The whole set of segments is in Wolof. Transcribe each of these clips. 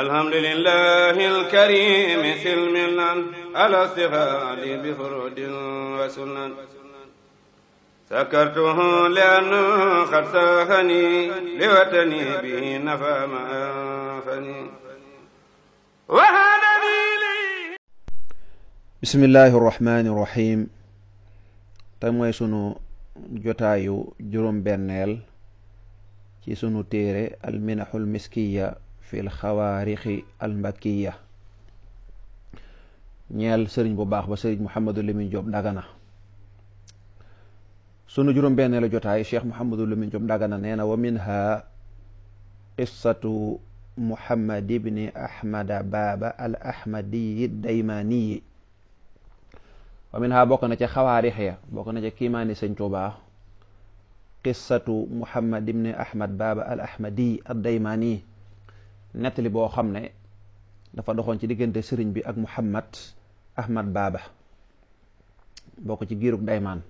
alhamdulillahi alkarimi silmilan alastifaad bifurud wa sunan sakartuhu lianna qad saahani liwatani bihi nafa ma anfani bismillahi irrahmani irrahim te mooy sunu jotaayu juróom ci sunu téere alminaxul miskiya fil xawaarixi almbakiya ñeel sëriñ bu baax ba sëriñ Mouhamadou Lamine Diop Dagana sunu juróom-benneelu jotaay Cheikh Mouhamadou Lamine Diop Dagana nee na wa minha qissatu Muhammad ibni na ca xawaarix ya bokk na Ahmad Baba al Ahmadiyi nettali boo xam ne dafa doxoon ci diggante sëriñ bi ak Muhammad Ahmad Baaba bokk ci giirug daymaan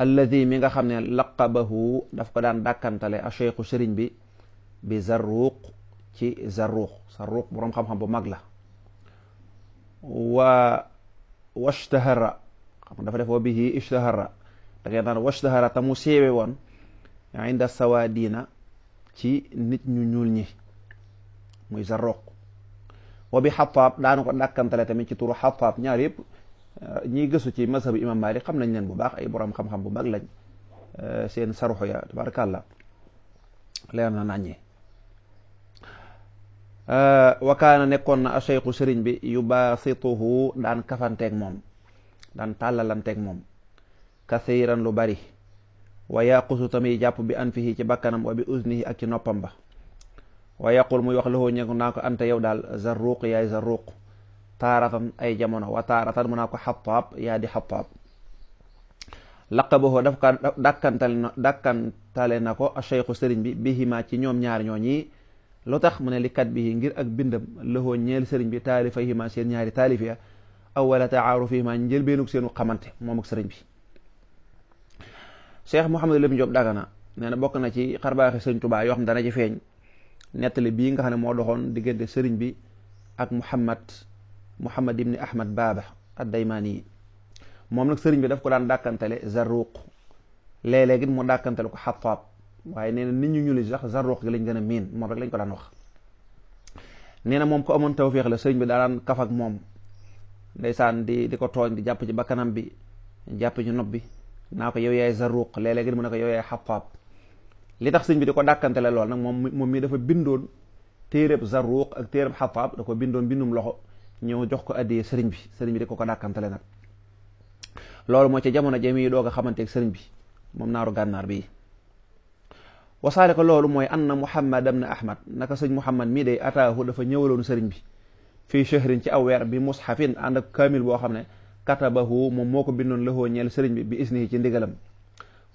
alladi mi nga xam ne laqabahu daf ko daan dakkantale a cheikhu sëriñ bi bi zarruuq ci zarruuq zarruuq boroom xam-xam bu mag la wa washtahara xam nga dafa def wa bihi ishtahara da ngay naan washtahara te mu siiwe woon inda sawaadina ci nit ñu ñuul ñi muy Zarruq wa bi Xattaab daana ko dàkkantale tamit ci turu Xattaab ñaar yëpp eh, ñiy gëstu ci mazhabu imam Malik xam nañ leen bu baax ay borom xam-xam bu mag lañ eh, seen saruxu ya tabarakallah leer na naññee eh, wa kaana nekkoon na aseyku sëriñ bi yu yubaasituhu daan kafanteeg moom daan tàllalanteeg moom kathiran lu bari wa yaqusu tamit jàpp bi anfihi ci bakkanam wa bi uznihi ak ci noppam ba wa yaqul muy wax loxoo ñegu naa ko anta yow daal zarruq yaay zarruq taaratan ay jamono wa taaratan mu naa ko xataab yaa di xataab laqabahu daf ka dàkkantale na dàkkantale na ko cheikhu sëriñ bi bihima ci ñoom ñaari ñaar yi lu tax mu ne li kat bii ngir ak bindam loxoo ñeel sëriñ bi taalifa hima seen ñaari taalif ya awala taarufihima njëlbeenug seenu xamante moom ak sëriñ bi cheikh Mouhamadou Lamine Diop Dagana nee na bokk na ci xarbaaxi sëñ Tuubaa yoo feeñ nettali bii nga xam ne moo doxoon diggante sëriñ bi ak muhammad muhammad ibni ahmad baaba addaymaani yi moom nag sëriñ bi daf ko daan dàkkantale zarruq léeg-léeg it mu dàkkantale ko xataab waaye nee na nit ñu ñuul sax zarruq gi lañ gën a miin moom lañ ko daan wax nee na moom ko amoon tawféex la sëriñ bi daa daan kaf ak moom ndeysaan di di ko tooñ di jàpp ci bakkanam bi jàpp ci nopp bi naa ko yow yaay zarruq léeg-léeg it mu na ko yow yaay xataab li tax sëñ bi di ko dàkkantele lool nag moom moom mi dafa bindoon téereb Zarruq ak téereb Xataab da ko bindoon bindum loxo ñëw jox ko addiyee sëriñ bi sëriñ bi di ko ko dàkkantele nag loolu moo ci jamono jami doog a xamante ak sëriñ bi moom naaru gànnaar bi wasaale ko loolu mooy anna Muhammad ibn Ahmad naka sëñ Muhammad mii day ataahu dafa ñëwaloon sëriñ bi fii shahrin ci aw weer bi mushafin ànd ak kaamil boo xam ne katabahu moom moo ko bindoon lahoo ñeel sëriñ bi bi isnihi ci ndigalam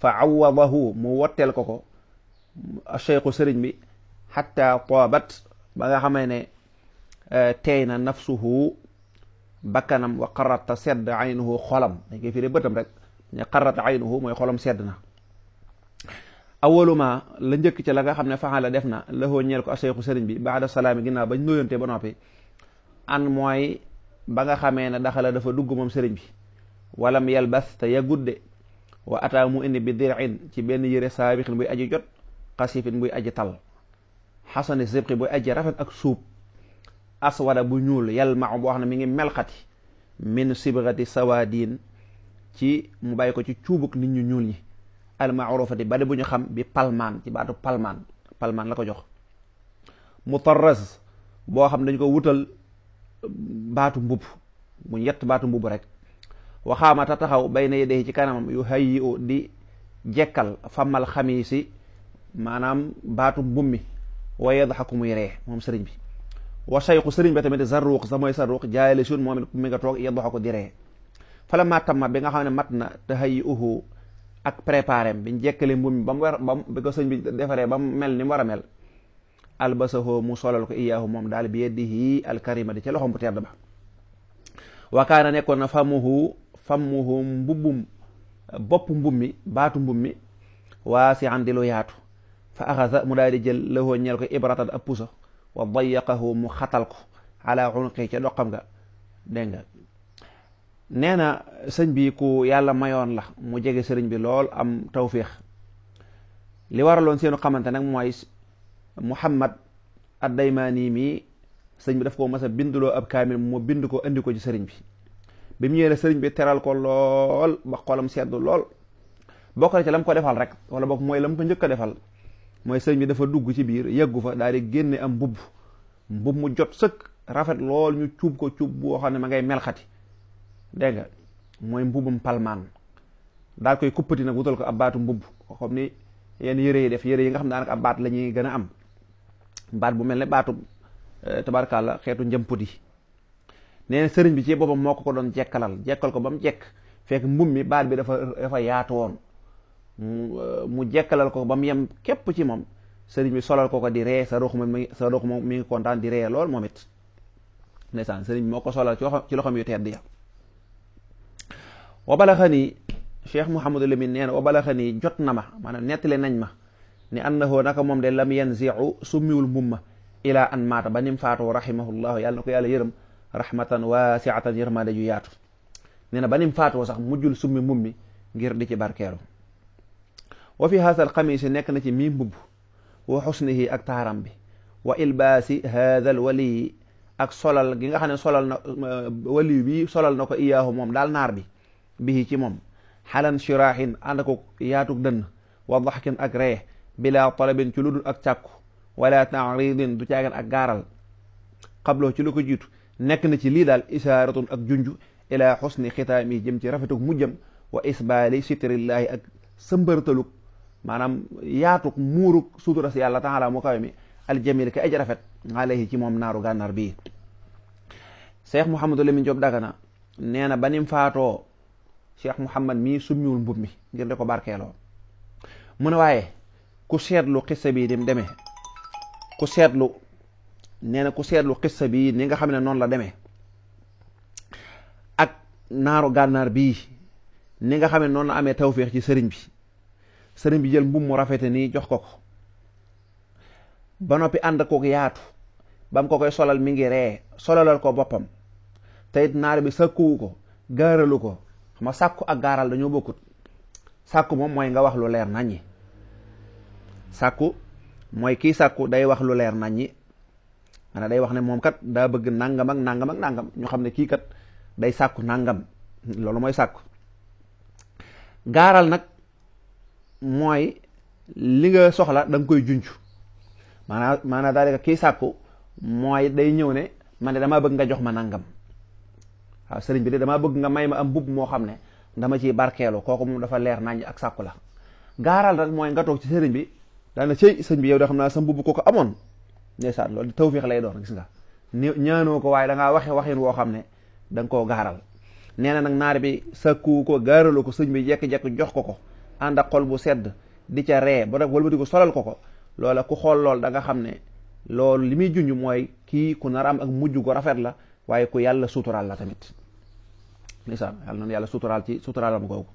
fa awadahu mu wotteel ko ko cheikhu sëriñ bi xatta toobat ba nga xama ne eh, teey na nafsuhu bakkanam wa qarata sedd aynuhu xolam dañ koy firi bëtam rek ne qarata aynuhu mooy xolam sedd na awaluma la njëkk ci la nga xam ne faxala def na lahoo ñeel ko aseexu sëriñ bi baada salaami ginnaaw bañ nuyonte ba noppi an mooy ba nga xamee ne daxala dafa dugg moom sëriñ bi walam yalbas te ya gudde wa ataa mu indi bi dirin ci benn yëre saabixin buy aju jot xasifin buy aji tal xasani sibqi buy aji rafet ak suub aswada bu ñuul yal ma boo xam ne mi ngi melxati min sibgati sawaadin ci mu bàyyi ko ci cuubuk nit ñu ñuul ñi al maarufati bari bu ñu xam bi palmaan ci baatu palmaan la ko jox mutarraz boo xam dañ ko wutal baatu mbubb mu yett baatu mbubb rek waxaama ta taxaw bay na yedee ci kanamam yu hayyi u di jekkal famal xamiisi maanaam baatu mbubb mi wa yadxaku muy ree moom sëriñ bi wa sayku sëriñ bi tamit zarruq sa mooy sarruq jaayale sun moom mi nga toog yadxaku di ree fala matam ma bi nga xam ne mat na tahayi uhu ak préparé bi ñu jekkale mbubb ba mu war ba bi bi defaree ba mu mel ni war a mel albasahoo mu solal ko iyaahu moom daal bi yeddihi alkarima di ca loxom bu tedd ba nekkoon na famuhu famuhu mbubbum bopp mbubb mi baatu mbubb mi waa si an yaatu fa axasa mu daal di jël lëhoo ñeel ko ibratan ab puso wa dayaqahu mu xatal ko ala xunqi ca doqam nga dégg nga nee na sëñ bi ku yàlla mayoon la mu jege sëriñ bi lool am tawfiix li waraloon seenu xamante nag mooy Muhammad ad-Daymaani mii sëñ bi daf ko mas a binduloo ab kaamil mu bind ko indi ko ci sëriñ bi bi mu ñëwee sëriñ bi teral ko lool ba xolam seddu lool bokk na ci la mu ko defal rek wala boog mooy la mu ko njëkk a defal mooy sëñ bi dafa dugg ci biir yeggu fa daal di génne am mbubb mbubb mu jot sëkk rafet lool ñu cuub ko cuub boo xam ne ma ngay melxati dégg nga mooy mbubbum palmaan daal koy kuppati nag wutal ko ab baatu mbubb ko xam ni yenn yëre yi def yëre yi nga xam daanaka ab baat la ñuy gën a am baat bu mel ne baatu eh, tabarkàlla xeetu njëmput yi na sëriñ bi ci boppam moo ko ko doon jekkalal jekkal ko ba mu jekk fekk mbubb mi baat bi dafa dafa yaatu woon Euh, mu jekkalal ko bam yam yem képp ci moom sëriñ bi solal ko di ree sa ruux mi sa ruux moom mi ngi kontaan di ree lool moom it ndeysaan sëriñ bi moo ko solal ci loxoom yu tedd ya wa balaxani cheikh Mouhamadou Lamine nee na wa balaxani jot na ma maanaam nettali nañ ma ni annahu naka moom de lam yanziu summiwul mumma ilaa an maata ba nim faatu rahimahullahu yàlla na ko yàlla yërëm rahmatan waasiatan yërmaade ju yaatu nee na ba nim faatoo sax mujjul summi mummi ngir di ci barkeeru wa fi haadha alxamiisi nekk na ci mii mbubb wa xusnihi ak taaram bi wa ilbaasi haadha alwaliyi ak solal gi nga xam ne solal na euh, waliyu bi solal na ko iyaahu moom daal naar bi bii ci moom xalan shiraahin ànd ko yaatug dënn wa daxkin ak ree bila talabin ci lu dul ak càkku wala taaridin du caagan ak gaaral xabloo ci lu ko jiitu nekk na ci lii daal isaaratun ak junj ilaa xusni xitaami jëm ci rafetug mujjam wa isbaali sitrillaahi ak sëmbërtalug maanaam yaatu muuruk sutura si yàlla taala mu kawe mi aljamil ka aj rafet alayhi ci moom naaru gànnaar bii cheikh mouhamadou Lamine Diop Dagana nee na ba nim faatoo cheikh mouhamad mii ñuul mbub mi ngir de ko barkeeloo mu ne waaye ku seetlu xissa bii dim deme ku seetlu nee na ku seetlu xissa bii ni nga xam ne noonu la deme ak naaru gànnaar bii ni nga xam ne noonu la amee tawféex ci sëriñ bi sëriñ bi jël mbubb mu rafete nii jox ko ko ba noppi ànd kook yaatu bam ko koy solal mi ngi ree solalal ko boppam te naar bi sàkkuwu ko gaaralu ko xam nga sàkku ak gaaral dañoo bokkut sàkku moom mooy nga wax lu leer naññi sàkku mooy kii sàkku day wax lu leer naññi maanaam day wax ne moom kat daa bëgg nangam ak nangam ak nangam ñu xam ne kii kat day sàkku nàngam loolu mooy sàkku gaaral nag mooy li nga soxla da koy junj maanaam maanaam daal di kii sàkku mooy day ñëw ne man de damaa bëgg nga jox ma nangam waaw sëriñ bi damaa bëgg nga may ma am mbubb moo xam ne dama ciy barkeelu kooku moom dafa leer nañ ak sàkku la gaaral rek mooy nga toog ci sëriñ bi daana cëy sëñ bi yow da xam naa sa ko ko amoon ndeysaan loolu tawféex lay doon gis nga ni ñaanoo ko waaye da ngaa waxe waxin xam ne da koo gaaral nee na nag naar bi sàkku ko gaaralu ko sëñ bi jekk-jekk jox ko ko ànd ak xol bu sedd di ca ree ba nag wëlbatiku solal ko ko loola ku xool lool danga xam ne loolu li muy junj mooy kii ku nar am ak mujj ko rafet la waaye ku yàlla suturaal la tamit ndeysaan yàlla noonu yàlla suturaal ci suturaalam googu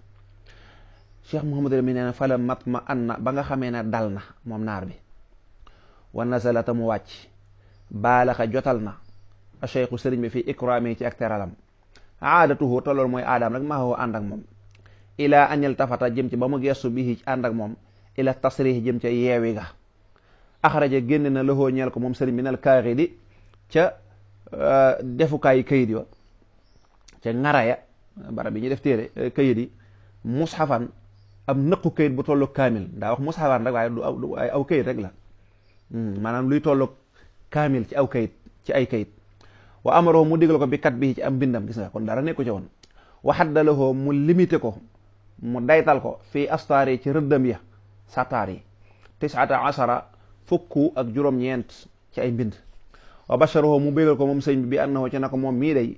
cheikh Mouhamadul mi nee na fala mat ma an na ba nga xamee ne dal na moom naar bi wa nasalata mu wàcc baalaxa jotal na a cheikhu sëriñ bi fii ikraami ci ak teralam aadatuhu te loolu mooy aadaam rek maa woo ànd ak moom ilaa añal tafata jëm ci ba mu gestu bihi ci ànd ak moom ila tasrih jëm ca yeewi ga axraja génn na loxoo ñeel ko moom sëriñ bi nal kaari di ca euh, defukaayu kayit yo ca ngaraya barab bi ñu def téere euh, kayit yi mushafan am nëqu kayit bu tollu kaamil ndaa wax mushafan rek waaye ay aw kayit rek la hmm, maanaam luy tollu kaamil ci aw kayit ci ay kayit wa amaroo mu digal ko bi kat bi ci am bindam gis nga kon dara nekku ca woon waxaddalohoo mu limité mu daytal ko fii astaar yi ci rëddam ya sataar yi tisata ashara fukk ak juróom-ñeent ci ay mbind wa basharahu mu bégal ko moom sëñ bi bi annahu ci na ko moom mii day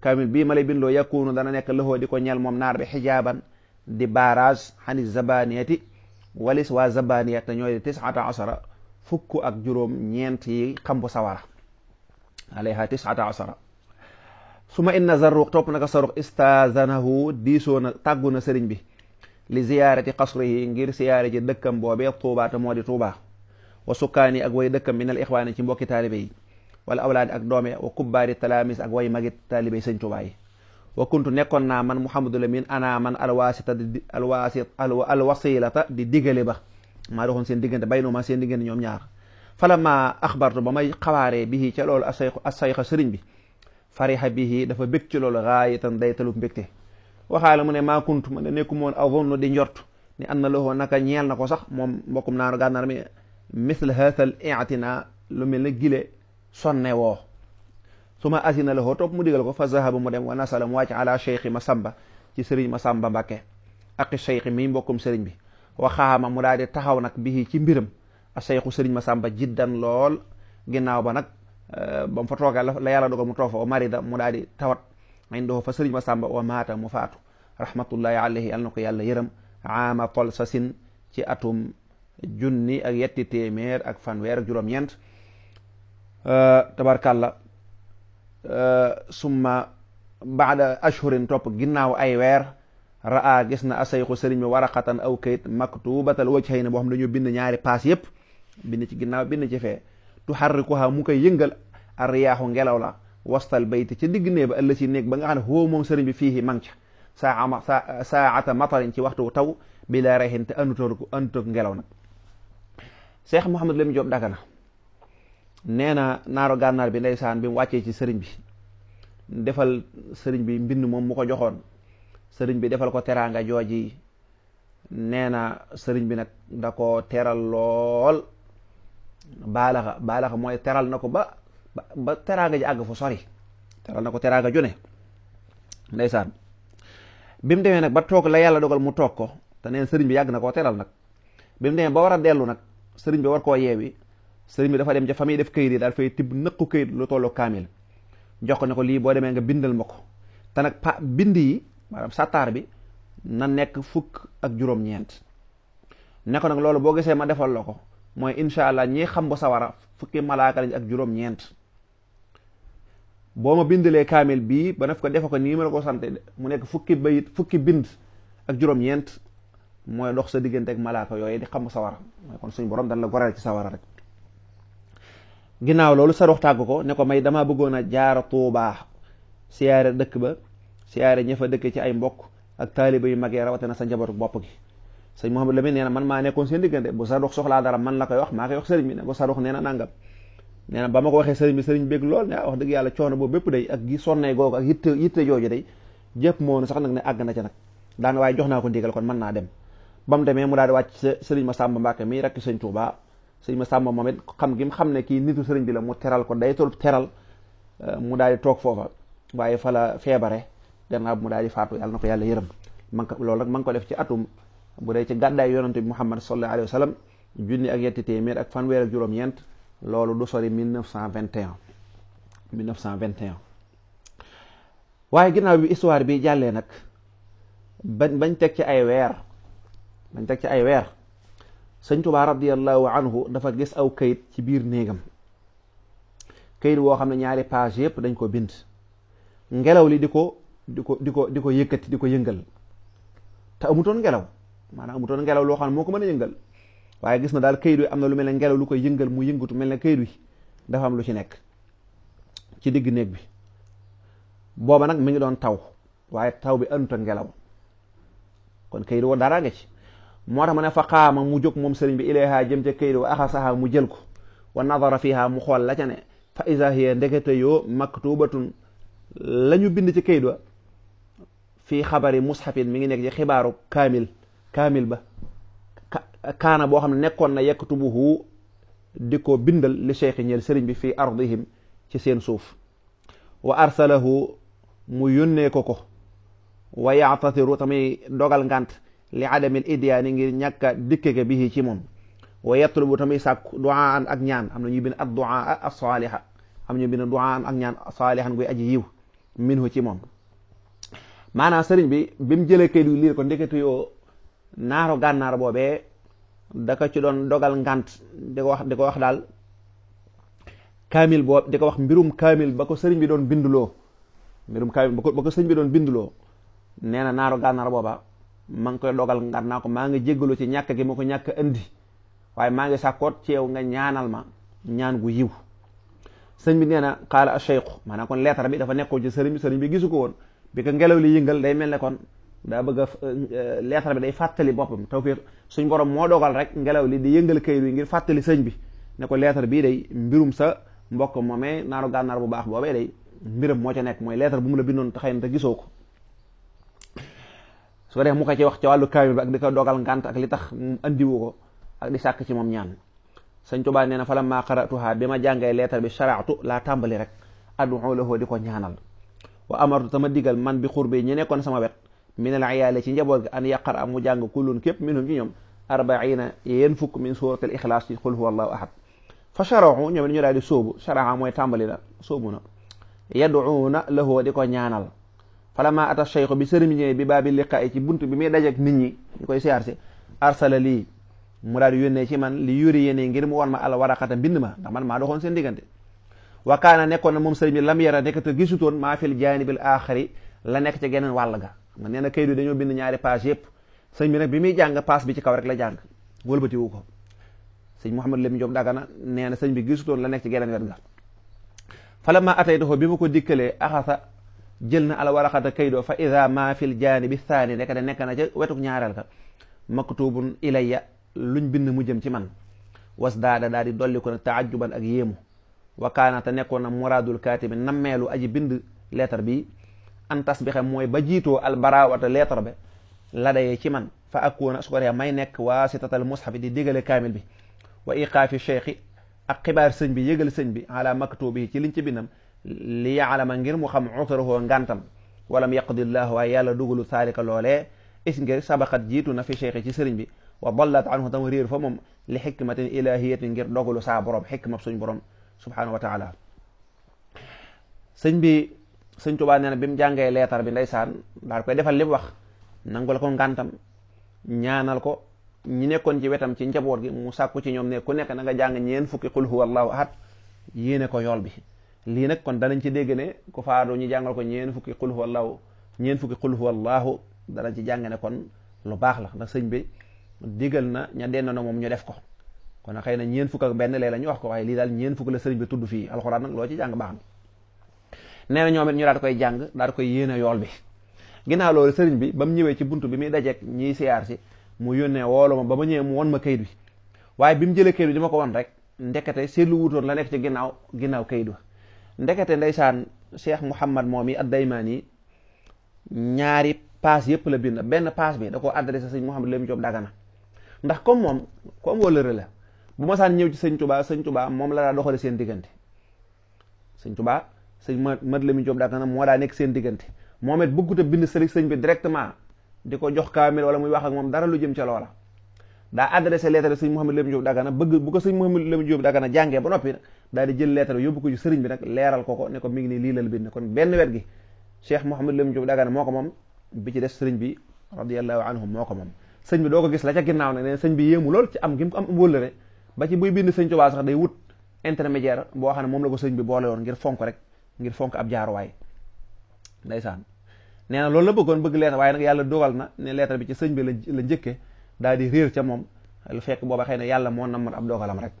kamil bi ma lay bindoo yakunu dana nekk lëxoo di ko ñeel moom naar bi xijaaban di barage xani zabaniyati walis waa zabaniya te ñooy tisata ashara fukk ak juróom-ñeent yi xambu sawara alayha tisata ashara su ma inna zarruq topp naka sarux istazanahu diisoo na tàggu sëriñ bi li ziyaarati qasrihi ngir siyaare ji dëkkam boobee tuubaa te moo di tuubaa wa sukkaani ak way dëkkam minal ixwaani ci mbokki taalibe yi wala awlaadi ak doome wa kubbaari talaamis ak way magi taalibe sëñ tuubaa yi wa kuntu nekkoon naa man Muhammadu Lamin ana man alwaasita di alwaasi alwasilata di digale ba maa doxoon seen diggante bay noo maa seen diggante ñoom ñaar fala ma axbartu ba may xawaaree bii ca loolu asayxa sëriñ bi fariha bihi dafa bég ci loolu gaayatan day talub mbégte waxaala mu ne maa kunt mu ne nekku moon avonnu di njort ni an na loxoo naka ñeel na ko sax moom mbokkum naaru gànnaar mi misle hatal iatina lu mel ne gile sonne woo su ma asina loxoo topp mu digal ko fa zahaba mu dem wa nasala mu wàcc ala ma samba ci sëriñ ma samba mbàkke ak cheikh mi mbokkum sëriñ bi waxaama taxaw nag bii ci mbiram a cheikhu sëriñ ma samba jiddan lool ginnaaw ba nag Eh, ba mu fa toogee la yàlla dogal mu toog fa wa marida mu daal di tawat indoo fa sëriñ Masamba wa maata mu faatu rahmatullahi alayhi yàlla na ko yàlla yërëm aama tol sa sin ci atum junni ak yetti téeméer ak fanweer ak juróom-ñeent eh, tabarkàlla eh, summa baada ashhurin topp ginnaaw ay weer raa gis na asayxu sëriñ bi waraqatan aw kayit maktubatal wajhayn boo xam dañu bind ñaari paas yépp bind ci ginnaaw bind ci fee tuharrikuha mu koy yëngal a riyaaxu ngelaw la wastal bayti ci digg néeg ba ëllë si néeg ba nga xam ne xoo moom sëriñ bi fii mang ca saama saata matarin ci waxtu taw bi laa rexin te anutoog anutoog ngelaw nag Cheikh Mouhamadou Lamine Diop Dagana nee na naaro gànnaar bi ndeysaan bi mu wàccee ci sëriñ bi defal sëriñ bi mbind moom mu ko joxoon sëriñ bi defal ko teraanga jooji nee na sëriñ bi nag da ko teral lool baalaxa baalaxa mooy teral na ko ba ba ba teraanga ji àgg fu sori teral na ko teraaga ju ne ndeysaan bi mu demee nag ba toog la yàlla dogal mu toog ko te neen sëriñ bi yàgg na koo teral nag bi mu demee ba war a dellu nag sëriñ bi war koo yeewi sëriñ bi dafa dem ca famille def kayit yi daal fay tibb nëkku kayit lu tolloo kaamil jox ko ne ko lii boo demee nga bindal ma ko te nag pa bind yi maanaam sàttaar bi na nekk fukk ak juróom-ñeent ne ko nag loolu boo gisee ma defal la ko mooy incha allah ñi xam bu sawara fukki malaaka lañ ak juróom boo ma bindalee kaamil bii ba def ko defe ko nii ma la ko sante mu nekk fukki bayit fukki bind ak juróom-ñeent mooy dox sa diggante ak malaaka yooyu di xam sawara mooy kon suñ borom dañ la goreel ci sawara rek ginnaaw loolu sarox tàgg ko ne ko may damaa bëggoon a jaara tuubaa siyaare dëkk ba siyaare ña fa dëkk ci ay mbokk ak taaliba yu mag yi rawatina sa njabootu bopp gi sëñ Mouhamadou Lamine nee na man maa nekkoon seen diggante bu sarox soxlaa dara man la koy wax maa koy wax sëriñ bi ne ko sarox nee na nangam nee na ba ma ko waxee sëriñ bi sëriñ bég lool ne ah, wax dëgg yàlla coono boobu bépp day ak gi sonnay googu ak yitte yitte jooju day jëpp moonu nag àgg na ca nag daana waaye jox naa ko ndigal kon mën naa dem mu demee mu daal di wàcc sëriñ ma sàmba Mbàkke mi rekk sëñ Tuuba sëriñ ma sàmba moom it xam gi mu xam ne kii nitu sëriñ bi la mu teral ko day tol teral euh, mu daa di toog foofa waaye fa la feebare gannaaw mu daal di faatu yàlla na ko yàlla yërëm man ko loolu nag man ko def ci atum bu dee ci gàddaay yonante bi Muhammad sallallahu alayhi wa sallam junni ak yetti téeméer ak fanweer ak juróom-ñeent loolu du sori 1921 1921 waaye ginnaaw bi histoire bi jàllee nag ba bañ teg ci ay weer bañ teg ci ay weer sëñ Tuubaa radiyallahu anhu dafa gis aw kayit ci biir néegam kayit woo xam ne ñaari page yëpp dañ ko bind ngelaw li di ko di ko di ko di ko yëkkati di ko yëngal te amutoon ngelaw maanaam amutoon ngelaw loo xam ne moo ko mën a yëngal waaye gis na daal këyit wi am na lu mel ne ngelaw lu ko yëngal mu yëngatu mel ne këyit wi dafa am lu ci nekk ci digg néeg bi booba nag mu ngi doon taw waaye taw bi anut ngelaw kon këyit wa dara nga ci moo tax ne fa xaama mu jóg moom sëriñ bi ilayha jëm ca këyit wa axasaha mu jël ko wa nadara fiha mu xool la ca ne fa isa hiya ndekete yoo maktubatun la ñu bind ci këyit wa fii xabari mushafin mi ngi nekk ci xibaaru kaamil kaamil ba kaana boo xam ne nekkoon na yaktubuhu di ko bindal li cheikh ñeel sëriñ bi fii ardihim ci seen suuf wa arsalahu mu yónnee ko ko wa yaatatiru tamay dogal ngant li adamil idyaani ngir ñàkk a dikke ga bihi ci moom wa yatlubu tamay sàkk duaan ak ñaan am na ñu bind ad duaa asaliha am ñu bind duaan ak ñaan saalihan guy aji yiw minhu ci moom maanaam sëriñ bi bi mu jëlee kayit liir ko ndekete yoo naaro gànnaar boobee da ci doon dogal ngant di ko wax di wax daal kaamil boobu di ko wax mbirum kaamil ba ko sëriñ bi doon binduloo mbirum kaamil ba ko sëriñ bi doon binduloo nee na naaru gànnaar booba ma ngi koy dogal ngant naa ko maa ngi jéggalu ci ñàkk gi ma ko ñàkk indi waaye maa ngi sàkkoot ci nga ñaanal ma ñaan gu yiw sëñ bi nee na xaala a cheikhu maanaam kon leetar bi dafa nekkoon ci sëriñ bi sëriñ bi gisu ko woon bi ko ngelaw li yëngal day mel ne kon daa bëgg a euh, leetar bi day fàttali boppam tawfiq suñ borom moo dogal rek ngelaw li di yëngal kayit wi ngir fàttali sëñ bi ne ko leetar bii day mbirum sa mbokk moomee naanu gànnaar bu baax boobee day mbiram moo ca nekk mooy leetar bu mu la bindoon te xëy na te ko su ko def mu wax ci wàllu kaamil bi ak di ko ngànt ak li tax mu andiwu ko ak di sàkk ci moom ñaan sëñ Tuubaa nee na fala la maa qaratuha bi ma jàngee leetar bi sharaatu laa tàmbali rek addu lahu di ko ñaanal wa amartu sama digal man bi xur bi ñi nekkoon sama wet min al iyaali ci njaboot gi an yaqara mu jàng kullun képp minhum ci ñoom arbaina yéen fukk min surat al ixlaas ci qul huwa allahu ahad fa sharaxu ñoom dañu daal di sóobu sharaxa mooy tàmbali na sóobu na yaduuna lahu di ko ñaanal falamma ata cheikhu bi sëriñ ñëwee bi baabi liqaayi ci bunt bi muy dajeek nit ñi ñu koy siyaar si lii mu daal di ci man li yuri yéene ngir mu war ma al waraqata mbind ma ndax man maa doxoon seen diggante wa kaana nekkoon na moom sëriñ lam yara nekk te gisutoon maa fil la nekk ca geneen ga ma nee na kayit bi dañoo bind ñaari page yëpp sëñ bi nag bi muy jàng paas bi ci kaw rek la jàng wëlbatiwu ko sëñ Mouhamadou Lamine Diop Dagana nee na sëñ bi gisutoon la nekk ci geneen wet ga falamma ataytuhu bi ma ko dikkalee axasa jël na ala waraxata kaydoo fa ida ma fil bi thaani nekk da nekk na ca wetuk ñaareel ka maktubun ilayya luñ bind mu jëm ci man was daada daa di dolli ko nag taajuban ak yéemu wa kaana te nekkoon na muraadul kaatibi nammeelu aji bind leetar bi an tasbixe mooy ba jiitoo albarawata lettre be la dayee man fa akkoona su ko dee may nekk waasitatal mushafi di digale kaamil bi wa iqaafi cheikhi ak xibaar sëñ bi yëgal sëñ bi ala maktubi ci liñ ci bindam li yaalama ngir mu xam utarahoo ngantam walam yaqdillahu waaye yàlla dugalu saalika loolee is ngir sabaxat jiitu na fi cheikhi ci sëriñ bi wa dallat anhu tam réer fa moom li xikmatin ilahiyatin ngir dogalu saa borom xikmab suñ borom subhanahu wa taala sëñ sëñ Tuubaa nee na bi mu jàngee leetar bi saan daal koy defal li mu wax nangul ko ngàntam ñaanal ko ñi nekkoon ci wetam ci njaboot gi mu sàkku ci ñoom ne ku nekk na nga jàng ñeen fukki qul huwa allahu ahad yéene ko yool bi lii nag kon danañ ci dégg ne ku faatu ñu jàngal ko ñeen fukki qul huwa allahu ñeen fukki qul huwa allahu danañ ci jàng ne kon lu baax la ndax sëñ bi digal na ña denn na moom ñu def ko kon na ñeen fukk ak benn léeg la ñu wax ko waaye lii daal ñeen fukk la sëriñ bi loo ci jàng baax na nee na ñoom it ñu daal di koy jàng daal di koy yéene yool bi ginnaaw loolu sëriñ bi ba mu ñëwee ci bunt bi muy dajeeg ñiy siyaar si mu yónnee woolu ma ba ma ñëwee mu won ma kayit wi waaye bi mu jëlee kayit bi di ma ko won rek ndekete seetlu wuutoon la nekk ci ginnaaw ginnaaw kayit wa ndekete ndeysaan cheikh mouhamad moom yi addaymaan yi ñaari paas yëpp la bind benn paas bi da ko adressé sëñ mouhamad Lamine Diop Dagana ndax comme moom comme wóllëre la bu ma saan ñëw ci sëñ tubaa sëñ moom la daa doxale diggante sëñ ma mat Lamin Jóob daaka na moo daa nekk seen diggante moom it bëggut a bind sëriñ sëñ bi directement di ko jox kaamil wala muy wax ak moom dara lu jëm ca loola daa adressé lettre sëñ Mouhamed Lamine Diop Dagana bëgg bu ko sëñ Mouhamed Lamine Diop Dagana jàngee ba noppi daal di jël lettre yóbbu ko sëriñ bi nag leeral ko ko ne ko mi ni nii lii lal bind kon benn wet gi Cheikh Mouhamed Lamine Diop Dagana moo ko moom bi ci des sëriñ bi radiallahu anhu moo ko moom sëñ bi doo ko gis la ca ginnaaw nag neen sëñ bi yéemu am gi mu ko bind sëñ Tuubaa sax day wut intermédiaire boo xam ne moom la ko sëñ bi boole woon ngir fonk rek ngir fonk ab jaaruwaay ndeysaan nee na lool la bëggoon bëgg leetar waaye nag yàlla dogal na ne leetar bi ci sëñ bi la la njëkke daa di réer ca moom lu fekk booba xëy na yàlla na namoon ab dogalam rek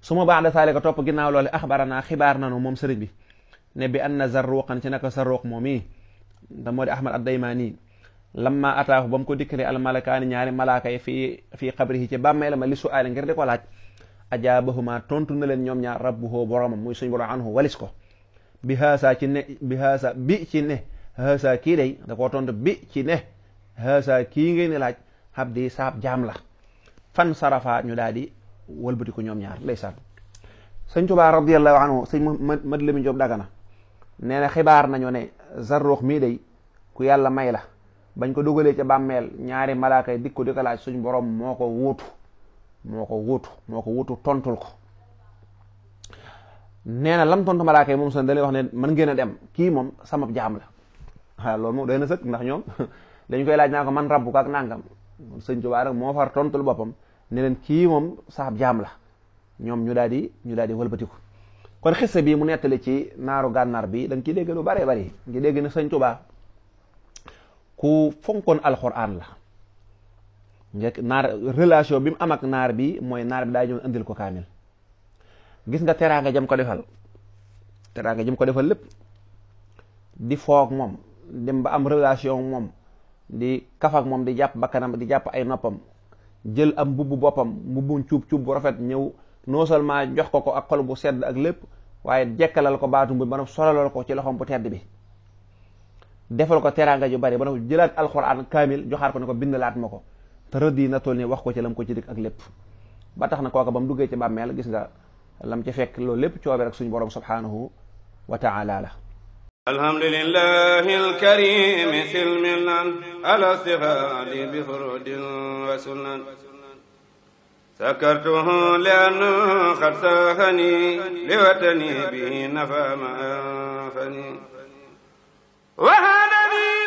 su ma baax de saalika topp ginnaaw loolu naa xibaar nanu moom sëriñ bi ne bi anna zarruqan ci naka zarruq moom i da moo di ahmad addaymaani lamma ataahu ba mu ko dikkale almalakaani ñaari malaaka yi fii fii xabrihi ci bàmmeelam li suaali ngir di ko laaj ajaabahuma tontu na leen ñoom ñaar rabbuhu boromam muy suñ borom anhu walis ko bi haasa ci ne bi haasa bi ci ne haasa kii day da koo tontu ci ne kii ngeen ne laaj abdi saab jaam la fan sarafa ñu daal walbati ko ñoom ñaar lay saan sëñ Tuubaa radiyallahu anhu ma Mad Lamin Joob Dagana nee na xibaar nañu ne Zarruq mii day ku yàlla may la bañ ko dugalee ca bàmmeel ñaari malaaka yi dikk ko di ko laaj suñ borom moo ko wuutu moo ko wuutu moo ko wuutu tontul ko nee na lam tontu malaaka yi moom seen dalay wax ne mën ngeen a dem kii moom sama jaam la waaw loolu moom doy na sëkk ndax ñoom dañ koy laaj naa ko man rabbu ko ak nangam sëñ Tuubaa nag moo far tontul boppam ne leen kii moom saab jaam la ñoom ñu daal di ñu daal di wëlbatiku kon xissa bii mu nettali ci naaru gànnaar bi da nga ciy dégg lu bare bari nga dégg ne sëñ Tuubaa ku fonkoon alxuraan la njëkk naar relation bi mu am ak naar bi mooy naar bi daa ñëw indil ko kaamil gis nga teraanga jëm ko defal teraanga jëm ko defal lépp di foog moom dem ba am relation moom di kafak moom di jàpp bakkanam di jàpp ay noppam jël am mbubb boppam mbubbum cuub-cuub bu rafet ñëw noo seulement jox ko ko ak xol bu sedd ak lépp waaye jekkalal ko baatum bi ba nag solalal ko ci loxom bu tedd bi defal ko teraanga ju bari ba nag jëlaat alxuraan kaamil joxaat ko ne ko ko te rëdd yi wax ko ci lam ko ci dikk ak lépp ba tax na kooka ba duggee ci bàmmeel gis nga lam ci fekk loolu lépp coobe rek suñu borom subhanahu wa taala la alhamdulillahi alkarim silmilan ala sihadi bi furudin wa sakartuhu li annu xad sahani bi nafa ma